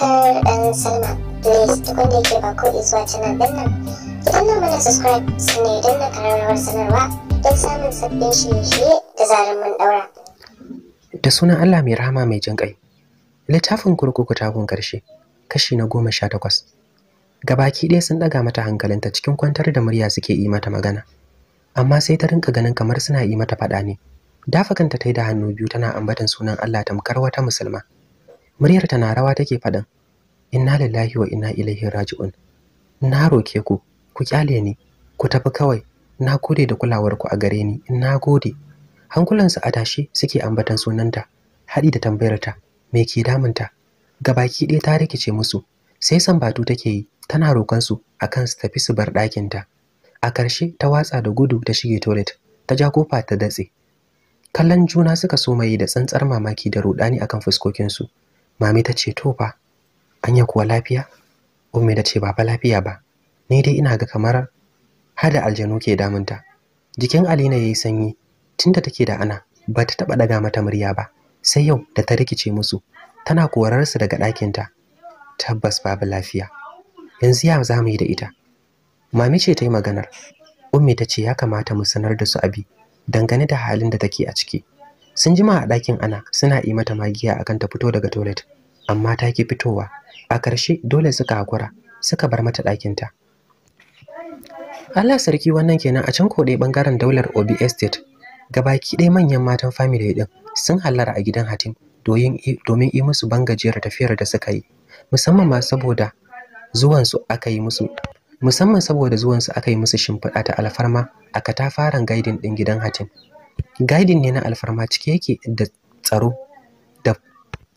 and sign up. da yake subscribe kararrawar sanarwa don samun sabbin shirye-shirye da Da sunan Allah mai rahama mai jin ƙai. Littafin kurkuku tagun ƙarshe, kashi na goma sha takwas. Gabaki ɗaya sun ɗaga mata hankalinta cikin kwantar da murya suke yi mata magana. Amma sai ta rinka ganin kamar suna yi mata faɗa ne. dafakanta ta yi da hannu biyu tana ambaton sunan Allah tamkar wata musulma. muryar ta na rawa take faɗan. inna lillahi wa inna ilaihi raji'un na roke ku ku kyale ni ku tafi kawai na gode da kulawar ku a gare ni na gode hankulansu a adashi suke ambatan sunanta haɗi da tambayarta me ke damunta gabaki ɗaya ta rikice musu sai sambatu take yi tana roƙonsu akan su tafi su bar ta a ƙarshe ta watsa da gudu ta shige toilet ta ja kofa ta datse kallon juna suka so mai da tsantsar mamaki da rudani akan fuskokinsu mami ta ce to fa anya kuwa lafiya ummi ta ce ba fa lafiya ba ni dai ina ga kamar hada aljanu ke damunta jikin alina yayi sanyi tunda take da ana ba ta taba daga mata murya ba sai yau da ta rikice musu tana korar su daga ta tabbas babu lafiya yanzu ya za mu yi da ita mami ce ta yi maganar ummi ta ce ya kamata mu sanar da su abi dangane da halin da take a ciki sun jima a ɗakin ana suna yi mata magiya akan ta fito daga toilet amma ta ki fitowa a ƙarshe dole suka hakura suka bar mata ɗakinta Allah sarki wannan kenan a can koɗe ɓangaren daular Obi Estate gabaki ɗaya manyan matan family ɗin sun hallara a gidan Hatim domin yi musu bangajiyar tafiyar da suka yi musamman ma saboda zuwansu aka yi musu musamman saboda su aka yi musu shimfiɗa ta alfarma a katafaren gaidin ɗin gidan Hatim gadin ne na alfarma cike yake da tsaro da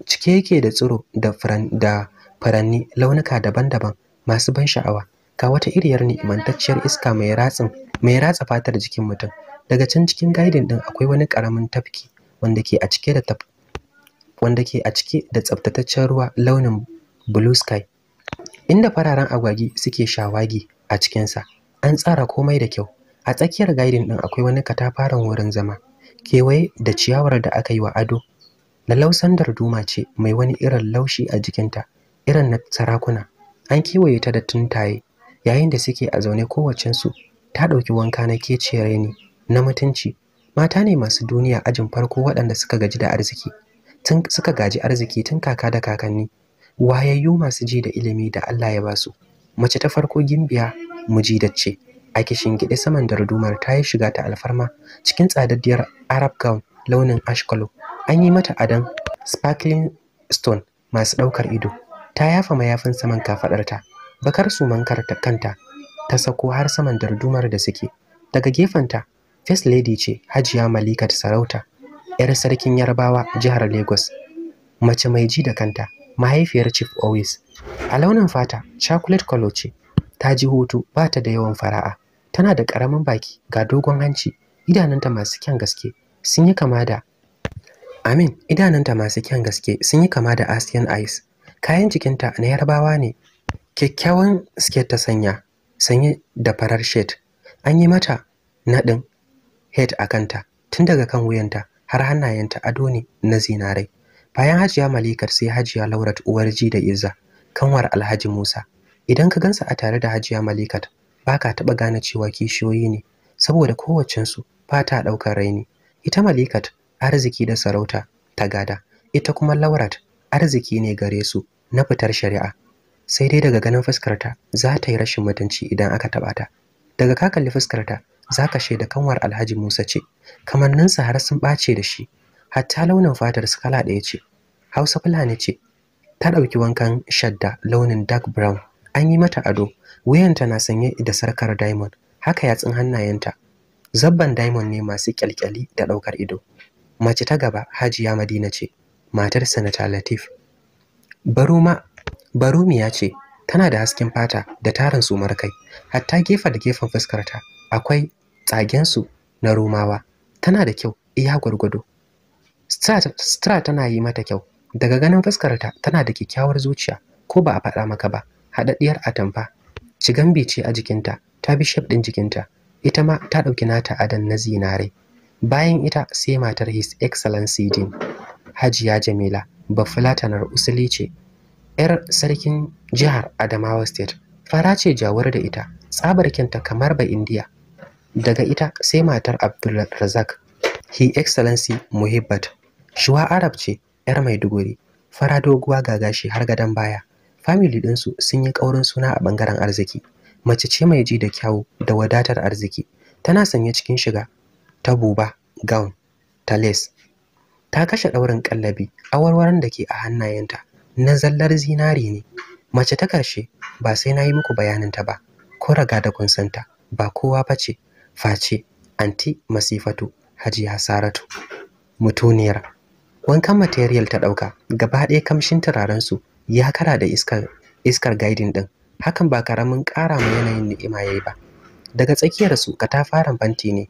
cike yake da tsiro da furan da furanni launuka daban-daban masu ban sha'awa ga wata iriyar imantacciyar iska mai ratsin mai ratsa fatar jikin mutum daga can cikin gadin din akwai wani karamin tafki wanda ke a cike da taf wanda ke a cike da tsaftataccen ruwa launin blue sky inda fararen agwagi suke shawagi a cikinsa an tsara komai da kyau a tsakiyar gaidin ɗin akwai wani katafaren wurin zama kewaye da ciyawar da aka yi wa ado lalausan duma ce mai wani irin laushi a jikinta irin na sarakuna an kewaye ta da tuntaye yayin da suke a zaune su. ta ɗauki wanka na keciyar ne na mutunci mata ne masu duniya ajin farko waɗanda suka gaji da arziki tun suka gaji arziki tun kaka da kakanni wayayyu masu ji da ilimi da Allah ya basu mace ta farko gimbiya mujidacce a kishingiɗe saman dardumar ta yi shiga ta alfarma cikin tsadaddiyar arab gown launin ash color an yi mata adon sparkling stone masu ɗaukar ido ta yafa mayafin saman kafaɗarta bakar sumankar ta kanta ta sako har saman dardumar da suke daga gefenta first lady ce hajiya malikat sarauta 'yar sarkin yarbawa jihar lagos mace mai ji da kanta mahaifiyar chief always a launin fata chocolate color ce ta ji hutu ba ta da yawan fara'a tana da ƙaramin baki ga dogon hanci idananta masu kyan gaske sun yi kama da amin idanunta masu kyan gaske sun yi kama da asian eyes kayan jikinta na yarbawa ne kyakkyawan siket ta sanya sanye da farar shet an yi mata naɗin head a kanta tun daga kan wuyanta har hannayenta ado ne na zinarai bayan hajiya malikar sai hajiya laurat uwar ji da izza kanwar alhaji musa idan ka gansa a tare da hajiya malikat ba ka taɓa gane cewa kishiyoyi ne saboda kowacensu ba ta ɗaukar raini ita malikat arziki da sarauta ta gada ita kuma laurat arziki ne gare su na fitar shari'a sai dai daga ganin fuskarta za ta yi rashin mutunci idan aka taɓa ta daga ka kalli fuskarta za ka shaida kanwar alhaji musa ce kamanninsa har sun ɓace da shi hatta launin fatar su kala ɗaya ce hausa fulani ce ta ɗauki wankan shadda launin dark brown an yi mata ado wuyanta na sanye da sarkar diamond haka yatsun hannayenta zabban diamond ne masu kyalkyali da daukar ido mace ta gaba hajiya madina ce matar senator latif baruma barumi ya ce tana da hasken fata da tarin sumar kai hatta gefe da gefen fuskarta akwai tsagensu na rumawa tana da kyau iya gwargwado Stra tana yi mata kyau. Daga ganin fuskarta tana da kyakkyawar zuciya ko ba a faɗa maka ba, haɗaɗɗiyar atamfa shigambe ce a jikinta ta bi shef ɗin jikinta ita ma ta ɗauki nata adan na zinare bayan ita sai matar his excellency din hajiya jamila bafulatanar usuli ce yar sarkin jihar adamawa state fara ce jawar da ita tsabar kinta kamar ba indiya daga ita sai matar abdulrazak His excellency muhibbat shuwa arab ce yar maiduguri fara doguwa ga gashi har gadon baya Famili ɗinsu sun yi ƙaurin suna a ɓangaren arziki. Mace ce mai ji da kyawu da wadatar arziki. Tana sanye cikin shiga ta buba, gown, ta lace. Ta kashe ɗaurin ƙallabi, awarwaron da ke a hannayenta na zallar zinari ne. Mace ta ƙarshe ba sai na yi muku bayaninta ba, ko raga da kun santa ba kowa ba face anti masifatu hajiya saratu mutuniyar wankan material ta ɗauka gaba ɗaya kamshin turarensu ya kara da iskar iskar guiding din hakan ba karamin kara mu yanayin ni'ima yayi ba daga tsakiyar su katafaren fanti ne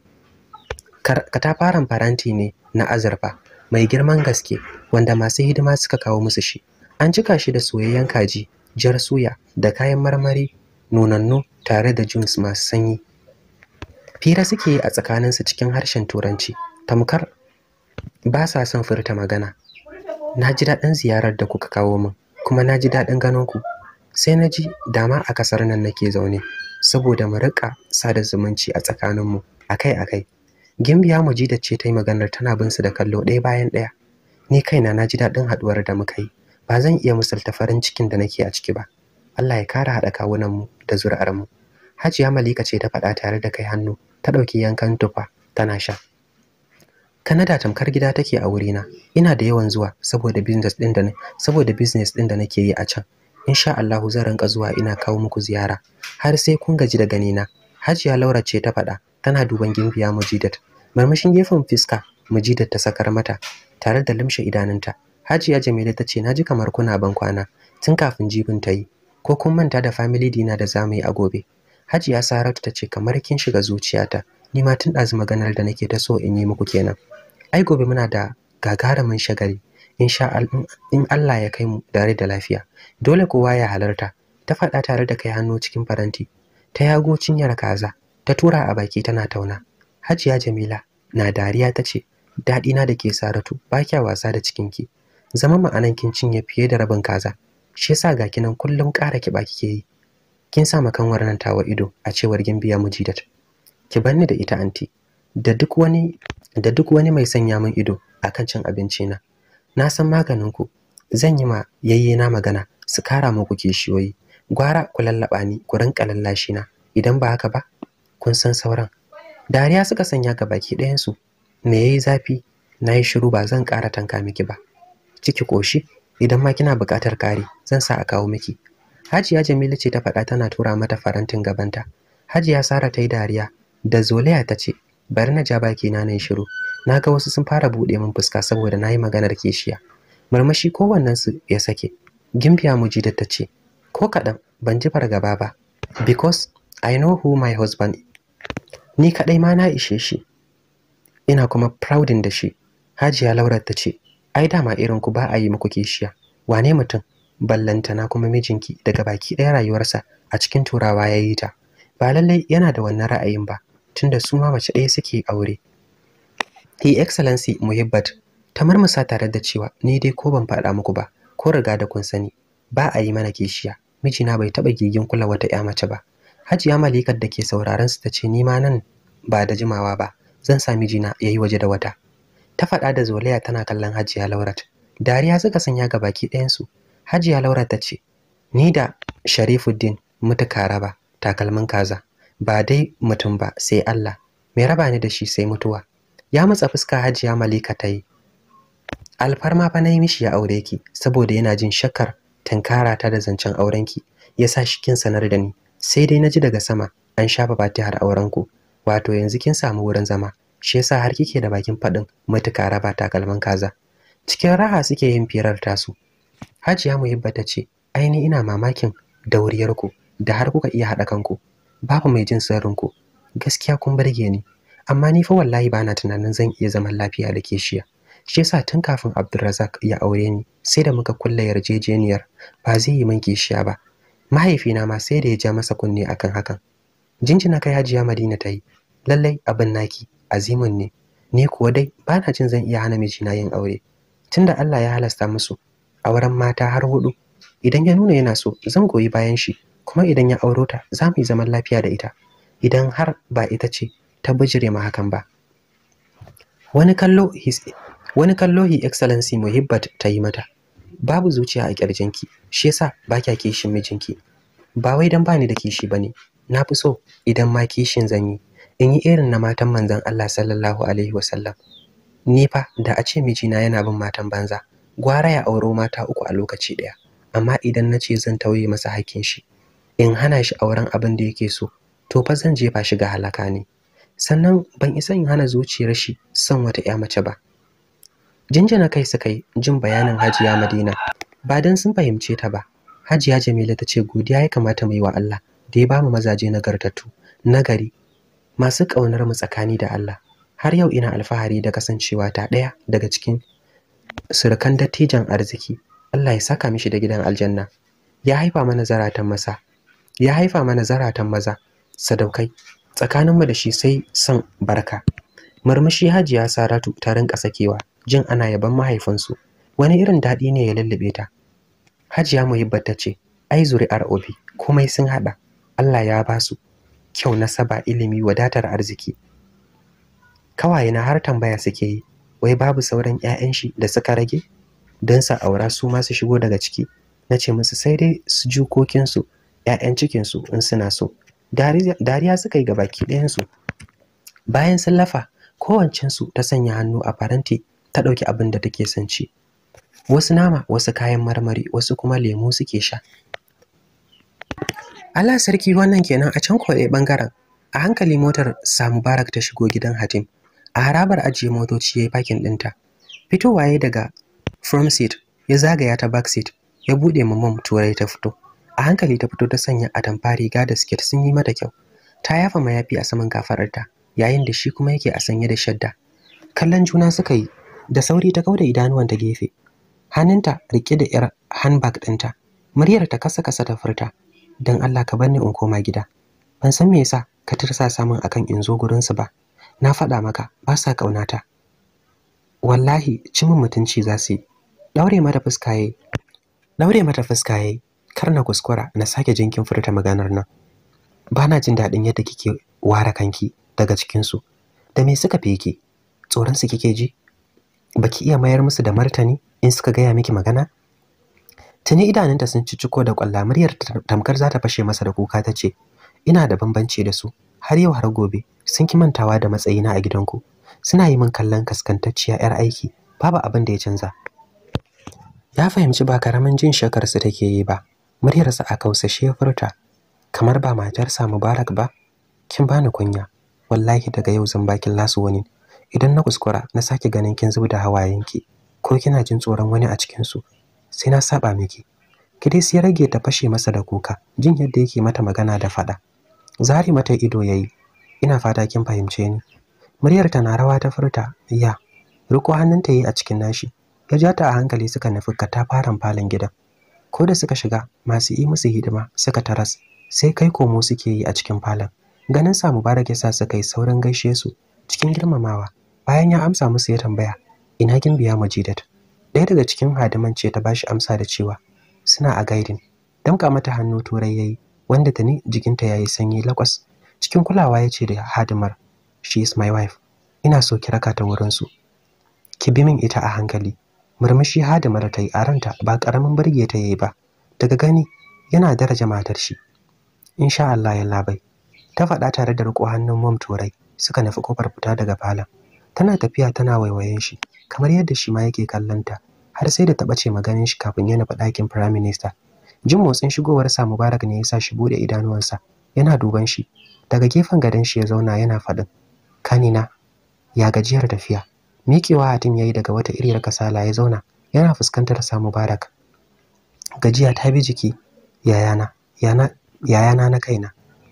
fara faranti ne na azurfa mai girman gaske wanda masu hidima suka kawo musu shi an cika shi da soyayyen kaji jar suya da kayan marmari nonanno tare da juice masu sanyi fira suke yi a tsakaninsu cikin harshen turanci tamkar ba sa son furta magana na ji daɗin ziyarar da kuka kawo min kuma na ji daɗin ganin ku sai na ji dama a ƙasar nan nake zaune saboda mu riƙa sada zumunci a tsakaninmu akai akai gimbiya mujida ce ta yi maganar tana bin su da kallo ɗaya bayan ɗaya ni kaina na ji daɗin haɗuwar da muka yi ba zan iya misalta farin cikin da nake a ciki ba Allah ya kara haɗa mu da mu. hajiya malika ce ta faɗa tare da kai hannu ta ɗauki yankan tufa tana sha Kanada tamkar gida take a wurina. Ina da yawan zuwa saboda business din da saboda business din da nake yi a can. Insha Allahu zan rinka zuwa ina kawo muku ziyara har sai kun gaji da ganina. Hajiya Laura ce ta faɗa tana duban gimbiya Mujidat. Marmashin gefen fiska Mujidat ta sakar mata tare da limshe idanunta. Hajiya Jamila ta ce na ji kamar kuna ban kwana tun kafin jibin ta yi ko kun manta da family dina da zamu yi a gobe. Hajiya Saratu ta ce kamar kin shiga zuciyata ni ma tun ɗazu maganar da nake ta so in yi muku kenan ai gobe muna da gagarumin shagali insha in Allah ya kai mu dare da lafiya dole kowa ya halarta ta faɗa tare da kai hannu cikin faranti ta yago cinyar kaza ta tura a baki tana tauna hajiya jamila na dariya ta ce daɗi na da ke saratu ba kya wasa da cikinki zama ma'anan kin cinye fiye da rabin kaza shi yasa ga kinan kullum ƙara kiba kike yi kin sa makan warnan tawa ido a cewar gimbiya mujidat ki banni da ita anti da duk wani da duk wani mai sanya min ido akan cin abinci na na san maganin ku zan yi ma yayyena magana su kara muku kishiyoyi gwara ku lallaba ni ku rinka lallashi na idan ba haka ba kun san sauran dariya suka sanya ga baki ɗayan su me yayi zafi na yi shiru ba zan ƙara tanka miki ba ciki koshi idan ma kina buƙatar kare zan sa a kawo miki hajiya jamilu ce ta faɗa tana tura mata farantin gabanta hajiya sara ta yi dariya da zolaya ta ce bari na ja baki na nan shiru na ga wasu sun fara buɗe min fuska saboda na yi maganar kishiya murmushi kowannensu ya sake gimbiya mujida ta ce ko kaɗan ban ji fargaba ba because i know who my husband ni kaɗai ma na ishe shi ina kuma proudin da shi hajiya laura ta ce ai dama irin ku ba a yi muku kishiya wane mutum na kuma mijinki daga baki ɗaya rayuwarsa a cikin turawa ya yi ta ba lallai yana da wannan ra'ayin ba tunda su ma mace ɗaya suke aure His Excellency Muhibbat ta marmasa tare da cewa ni dai ko ban faɗa muku ba ko riga da kun sani ba a yi mana kishiya mijina bai taɓa gigin kula wata ƴa mace ba Hajiya Malikar da ke sauraron su ta ce ni ma nan ba da jimawa ba zan sa mijina ya yi waje da wata ta faɗa da zolaya tana kallon Hajiya Laurat dariya suka sanya ga baki ɗayansu Hajiya Laurat ta ce ni da Sharifuddin mutuka ba takalmin kaza ba dai mutum ba sai Allah mai raba ni da shi sai mutuwa ya matsa fuska hajiya malika ta yi alfarma fa na yi mishi ya aure ki saboda yana jin shakkar tankara ta da zancen aurenki ya sa shi kin sanar da ni sai dai na ji daga sama an shafa fatihar aurenku wato yanzu kin samu wurin zama shi yasa har kike da bakin faɗin matuka raba takalman kaza cikin raha suke yin firar tasu hajiya muhibba ta ce aini ina mamakin dauriyarku da har kuka iya haɗa kanku babu mai jin ku. gaskiya kun burge ni amma ni fa wallahi ba na tunanin zan iya zaman lafiya da keshiya shi yasa tun kafin Abdulrazak ya aure ni sai da muka kulle yarjejeniyar ba zai yi min kishiya ba mahaifina ma sai da ya ja masa kunne akan hakan jinjina kai hajiya Madina ta yi lallai abin naki azimun ne Ne kuwa dai ba na jin zan iya hana mijina yin aure tunda Allah ya halasta musu auren mata har hudu idan ya nuna yana so zan goyi bayan shi kuma idan ya auro ta za mu yi zaman lafiya da ita idan har ba ita ce ta bijire ma hakan ba wani kallo his hi excellency muhibbat ta yi mata babu zuciya a kirjinki shi yasa ba kya kishin mijinki ba wai dan bani da kishi bane na fi so idan ma kishin zan yi in yi irin na matan manzon Allah sallallahu alaihi wasallam ni fa da a ce mijina yana bin matan banza gwara ya auro mata uku a lokaci ɗaya amma idan na ce zan tauye masa hakkin shi in hana shi auren abin da yake so to fa zan jefa shi ga halaka ne sannan ban isa in hana zuciyar shi son wata ya mace ba jinjina kai su kai jin bayanin hajiya madina ba dan sun fahimce ta ba hajiya jamila ta ce godiya ya kamata mu yi wa allah da ya bamu mazaje nagartattu nagari masu ƙaunar mu tsakani da allah har yau ina alfahari da kasancewa ta ɗaya daga cikin surukan dattijan arziki allah ya saka mishi da gidan aljanna ya haifa mana zaratan masa ya haifa mana zaratan maza sadaukai tsakaninmu da shi sai san barka murmushi hajiya saratu ta rinka sakewa jin ana yaban mahaifinsu wani irin daɗi ne ya lallube ta hajiya muhibbat ta ce ai zuri'ar obi komai sun haɗa allah ya ba su kyau saba ilimi wadatar arziki kawaye na har tambaya suke yi wai babu sauran 'ya'yan shi da suka rage don sa aura su ma su shigo daga ciki na ce musu sai dai su jukokinsu 'ya'yan su in suna so dariya suka yi ga baki ɗayansu bayan sun lafa su ta sanya hannu a faranti ta ɗauki abin da take son ci wasu nama wasu kayan marmari wasu kuma lemu suke sha allah sarki wannan kenan a can kwaɗe ɓangaren a hankali motar samu barak ta shigo gidan hatim a harabar ajiye motoci ya yi fakin ɗinta fitowa ya daga from seat ya zagaya ta back seat ya buɗe ma turai ta fito a hankali ta fito ta sanya atamfa riga da siket sun yi mata kyau ta yafa mayafi a saman kafararta yayin da shi kuma yake a sanye da shadda kallon juna suka yi da sauri ta kauda ta gefe hannunta rike da yar handbag ɗinta muryar ta kasa kasa ta furta don Allah ka barni in koma gida ban san me yasa ka tirsa samun akan in zo gurin su ba na faɗa maka ba sa ƙaunata wallahi cimin mutunci za su yi daure mata fuska yayi daure mata fuska yayi kar na kuskura na sake jinkin furta maganar nan Bana jin daɗin yadda kike ware kanki daga cikin su da me suka fi ki tsoronsu kike ji baki iya mayar musu da martani in suka gaya miki magana tuni idanunta sun ci ciko da ƙwalla muryar tamkar za ta fashe masa da kuka ta ce ina da bambanci da su har yau har gobe sun ki mantawa da matsayina a gidanku suna yi min kallon kaskantacciya 'yar aiki babu abin da ya canza ya fahimci ba karamin jin shakarsu take yi ba muryarsa a kausashe ya furta kamar ba matarsa Mubarak ba kin bani kunya wallahi daga yau zan baki lasu wani idan na kuskura na sake ganin kin zubda hawayenki ko kina jin tsoron wani a cikin su sai na saba miki Kidis ya rage ta fashe masa da kuka jin yadda yake mata magana da fada zari mata ido yayi ina fata kin fahimce ni muryar ta na rawa ta furta ya riko hannunta yayi a cikin nashi ya ja a hankali suka nufi katafaren falon gidan ko da suka shiga masu yi musu hidima suka taras sai kai komo suke yi a cikin falon ganin sa mubarak ya sa suka yi sauran gaishe su cikin girmamawa bayan ya amsa musu ya tambaya ina kin biya majidat ɗaya daga cikin hadiman ce ta bashi amsa da cewa suna a gaidin damka mata hannu turai yayi wanda ta ne jikinta yayi sanyi lakwas cikin kulawa ya ce da hadimar she is my wife ina so ki raka ta wurin su ki bi min ita a hankali murmushi hadimar ta yi a ranta ba karamin birge ta yi ba daga gani yana daraja matar shi insha Allah ya labai ta faɗa tare da riƙo hannun mom turai suka nufi kofar fita daga falon tana tafiya tana waiwayen shi kamar yadda shi ma yake kallonta har sai da taɓa ce maganin shi kafin ya nufi ɗakin firayim minista jin motsin shigowar sa mubarak ne ya sa shi buɗe idanuwansa yana duban shi daga gefen gadon shi ya zauna yana faɗin kanina ya gajiyar tafiya Mikewa hatim ya yi daga wata iriyar kasala ya zauna yana fuskantar Samu mubarak gajiya ta bi jiki yayana yana yayana na kaina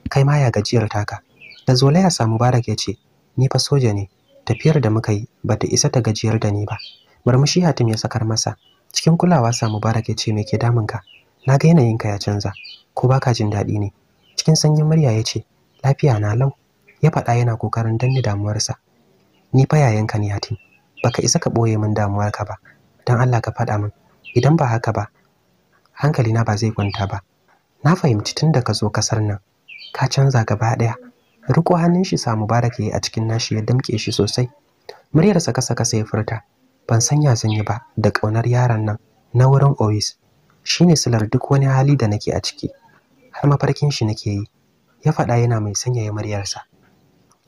kai ma ya gajiyar taka da ya samu Barak ya ce ni fa soja ne tafiyar da muka yi ba ta isa ta gajiyar da ni ba murmushi hatim ya sakar masa cikin kulawa Samu Barak ya ce me ke damunka na ga yanayinka ya canza ko ba ka jin daɗi ne cikin sanyin murya ya ce lafiya na lau ya faɗa yana kokarin danne damuwarsa ni fa yayanka ne Hatim baka isa ka boye min ka ba dan Allah ka faɗa min idan ba haka ba hankali na ba zai kwanta ba na fahimci tun da ka zo kasar nan ka canza gaba ɗaya riko hannun shi sa Mubarak yayi a cikin nashi ya damƙe shi sosai muryar sa kasa kasa ya furta ban san ya zan yi ba da kaunar yaron nan na wurin Ois shine silar duk wani hali da nake a ciki har mafarkin shi nake yi ya faɗa yana mai sanyaya muryarsa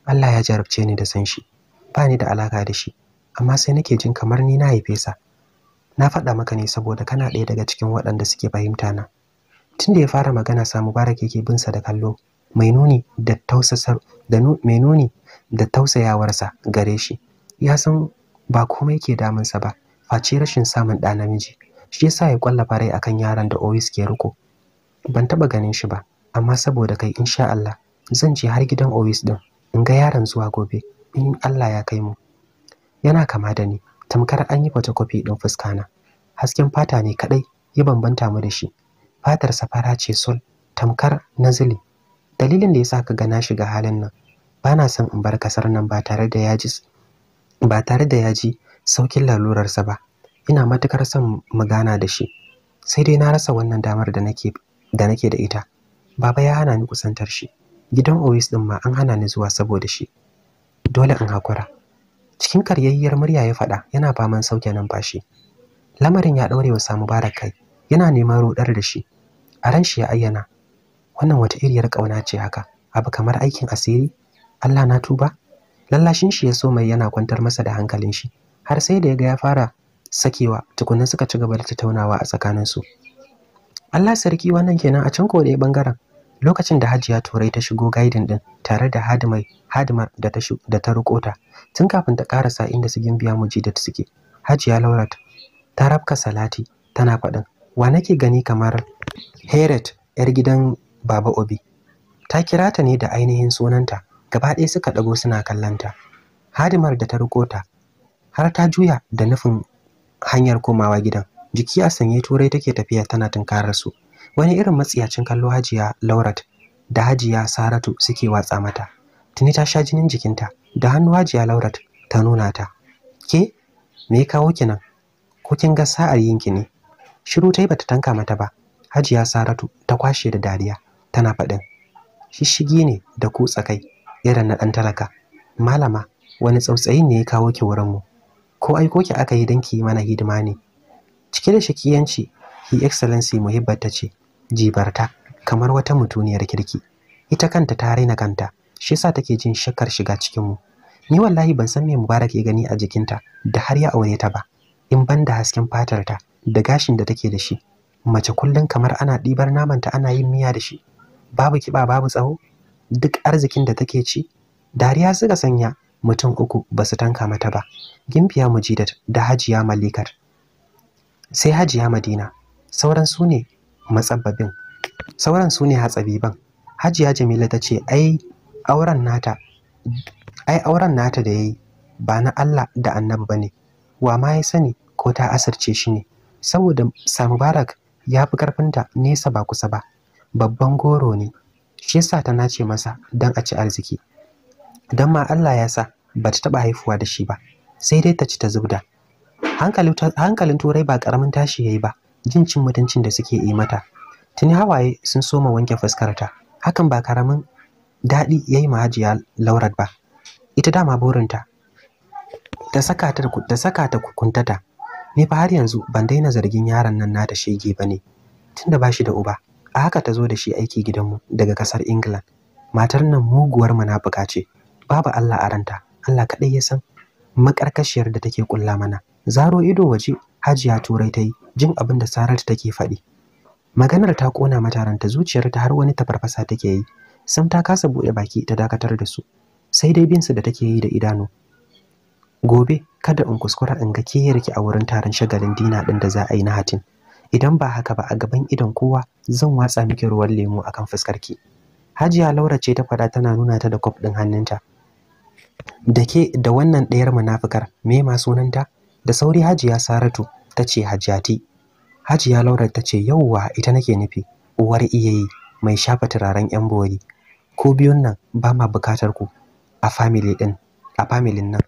Allah ya jarabce ni da san shi ba ni da alaka da shi amma sai nake jin kamar ni na haife sa na faɗa maka ne saboda kana ɗaya daga cikin waɗanda suke fahimta na tunda ya fara magana sa mubarak yake bin sa da kallo mai nuni da tausasar da mai nuni da tausayawarsa gare shi ya san ba komai ke damunsa ba face rashin samun ɗa namiji shi yasa ya kwallafa rai akan yaran da Owis ke riko ban taba ganin shi ba amma saboda kai insha Allah zan je har gidan Owis din in ga yaran zuwa gobe in Allah ya kai mu yana kama da ni tamkar an yi photocopy din fuska na hasken fata ne kadai ya bambanta mu da shi fatar safara ce sol tamkar nazili dalilin da yasa ka gana na ga halin nan bana son in bar kasar nan ba tare da yaji ba tare da yaji saukin lalurarsa ba ina matukar son magana da shi sai dai na rasa wannan damar da nake da nake da ita baba ya hana ni kusantar shi gidan oasis din ma an hana ni zuwa saboda shi dole in hakura cikin karyayyiyar murya ya faɗa yana faman sauke numfashi lamarin ya ɗaure wa samu bara kai yana neman rudar da shi a ran shi ya ayyana wannan wata iriyar ƙauna ce haka abu kamar aikin asiri Allah na tuba lallashin shi ya so mai yana kwantar masa da hankalin shi har sai da yaga ya fara sakewa tukunan suka ci gaba da tattaunawa a tsakaninsu Allah sarki wannan kenan a can ko bangaren lokacin da hajiya turai ta shigo gaidin din tare da hadimai hadimar da ta da ta riko ta tun kafin ta karasa inda su gimbiya jidat suke hajiya laurat ta rafka salati tana faɗin wa nake gani kamar heret yar gidan baba obi ta kira ta ne da ainihin sunanta gaba ɗaya suka ɗago suna kallanta hadimar da ta riko ta har ta juya da nufin hanyar komawa gidan jiki a sanye turai take tafiya tana tunkarar su wani irin matsiyacin kallo hajiya laurat da hajiya saratu suke watsa mata tuni ta sha jinin jikinta da hannu hajiya laurat ta nuna ta ke me ya kawo ki nan ko kin ga sa'ar yinki ne shiru tai bata tanka mata ba hajiya saratu ta kwashe da dariya tana faɗin shishigi ne da ku tsakai irin na ɗan talaka malama wani tsautsayi ne ya kawo ki wurin mu. ko aiko ki aka yi don ki yi mana hidima ne cike da shakiyanci hi excellency muhibbar ta ce jibarta kamar wata mutuniyar kirki ita kanta ta raina kanta shi yasa take jin shakar shiga cikin mu ni wallahi ban san me mubarak ya gani a jikinta da har ya aure ta ba in ban da hasken fatar ta da gashin da take da shi mace kullun kamar ana ɗibar namanta ana yin miya da shi babu kiba babu tsawo duk arzikin da take ci dariya suka sanya mutum uku ba su tanka mata ba gimbiya mujidat da hajiya malikar sai hajiya madina sauran su ne matsabbabin sauran su ne hatsabiban hajiya jamila ta ce ai auren nata ai auren nata da yayi ba na Allah da annabi bane wa ma ya sani ko ta asirce shi ne saboda sa Mubarak ya fi karfinta nesa ba kusa ba babban goro ne shi yasa ta nace masa dan a ci arziki dan ma Allah ya sa ba ta taba haifuwa da shi ba sai dai ta ci ta zubda hankalin turai ba karamin tashi yayi ba jin cin mutuncin da suke yi mata tuni hawaye sun soma wanke ta. hakan ba karamin daɗi ya yi mahajiya laurat ba ita dama burinta ta saka ta ta, saka ta kukuntata ni fa har yanzu ban daina zargin yaron nan nata shege ba ne tunda ba shi da uba a haka ta zo da shi aiki gidanmu daga kasar england matar nan muguwar munafuka ce babu allah a ranta allah kaɗai ya san makarkashiyar da take kulla mana zaro ido waje hajiya turai ta yi jin abin da Saratu take faɗi. Maganar ta kona mata ranta zuciyarta har wani tafarfasa take yi. Sam ta kasa buɗe baki ta dakatar da su. Sai dai bin su da take yi da idanu. Gobe kada in kuskura in ga keyarki a wurin taron shagalin dina din da za a yi na hatin. Idan ba haka ba a gaban idon kowa zan watsa miki ruwan lemu akan fuskarki. Hajiya Laura ce ta faɗa tana nuna ta da kwaf ɗin hannunta. Da ke da wannan ɗayar munafukar me ma sunanta? Da sauri Hajiya Saratu ta ce Hajjati. Hajiya Laura ta ce yauwa ita nake nufi uwar iyayi mai shafa turaren yan bori. Ko biyun nan ba ma bukatar ku a family din a familin nan.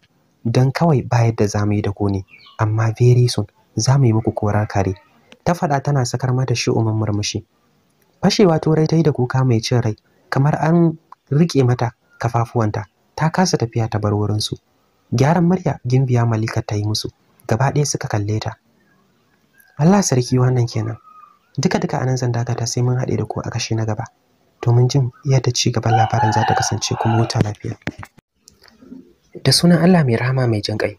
Dan kawai ba yadda za mu yi da ku ne amma very soon za mu yi muku korar kare. Ta faɗa tana sakar mata umar murmushi. Fashewa turai ta yi da kuka mai cin rai kamar an riƙe mata kafafuwanta ta kasa tafiya ta bar wurinsu. Gyaran murya gimbiya malika ta yi musu gaba ɗaya suka kalle ta. Allah sarki wannan kenan duka duka anan zan dakata sai mun haɗe da ku a kashi na gaba domin jin yadda ci gaban labarin za ta kasance kuma wuta lafiya da sunan Allah mai rahama mai jin ƙai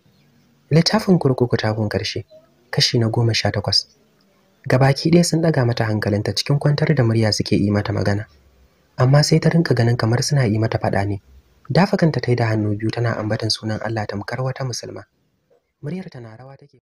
littafin kurkuku tagun ƙarshe kashi na goma sha takwas gabaki ɗaya sun ɗaga mata hankalinta cikin kwantar da murya suke yi mata magana amma sai ta rinka ganin kamar suna yi mata faɗa ne dafa kanta ta yi da hannu biyu tana ambaton sunan Allah tamkar wata musulma muryar ta na rawa take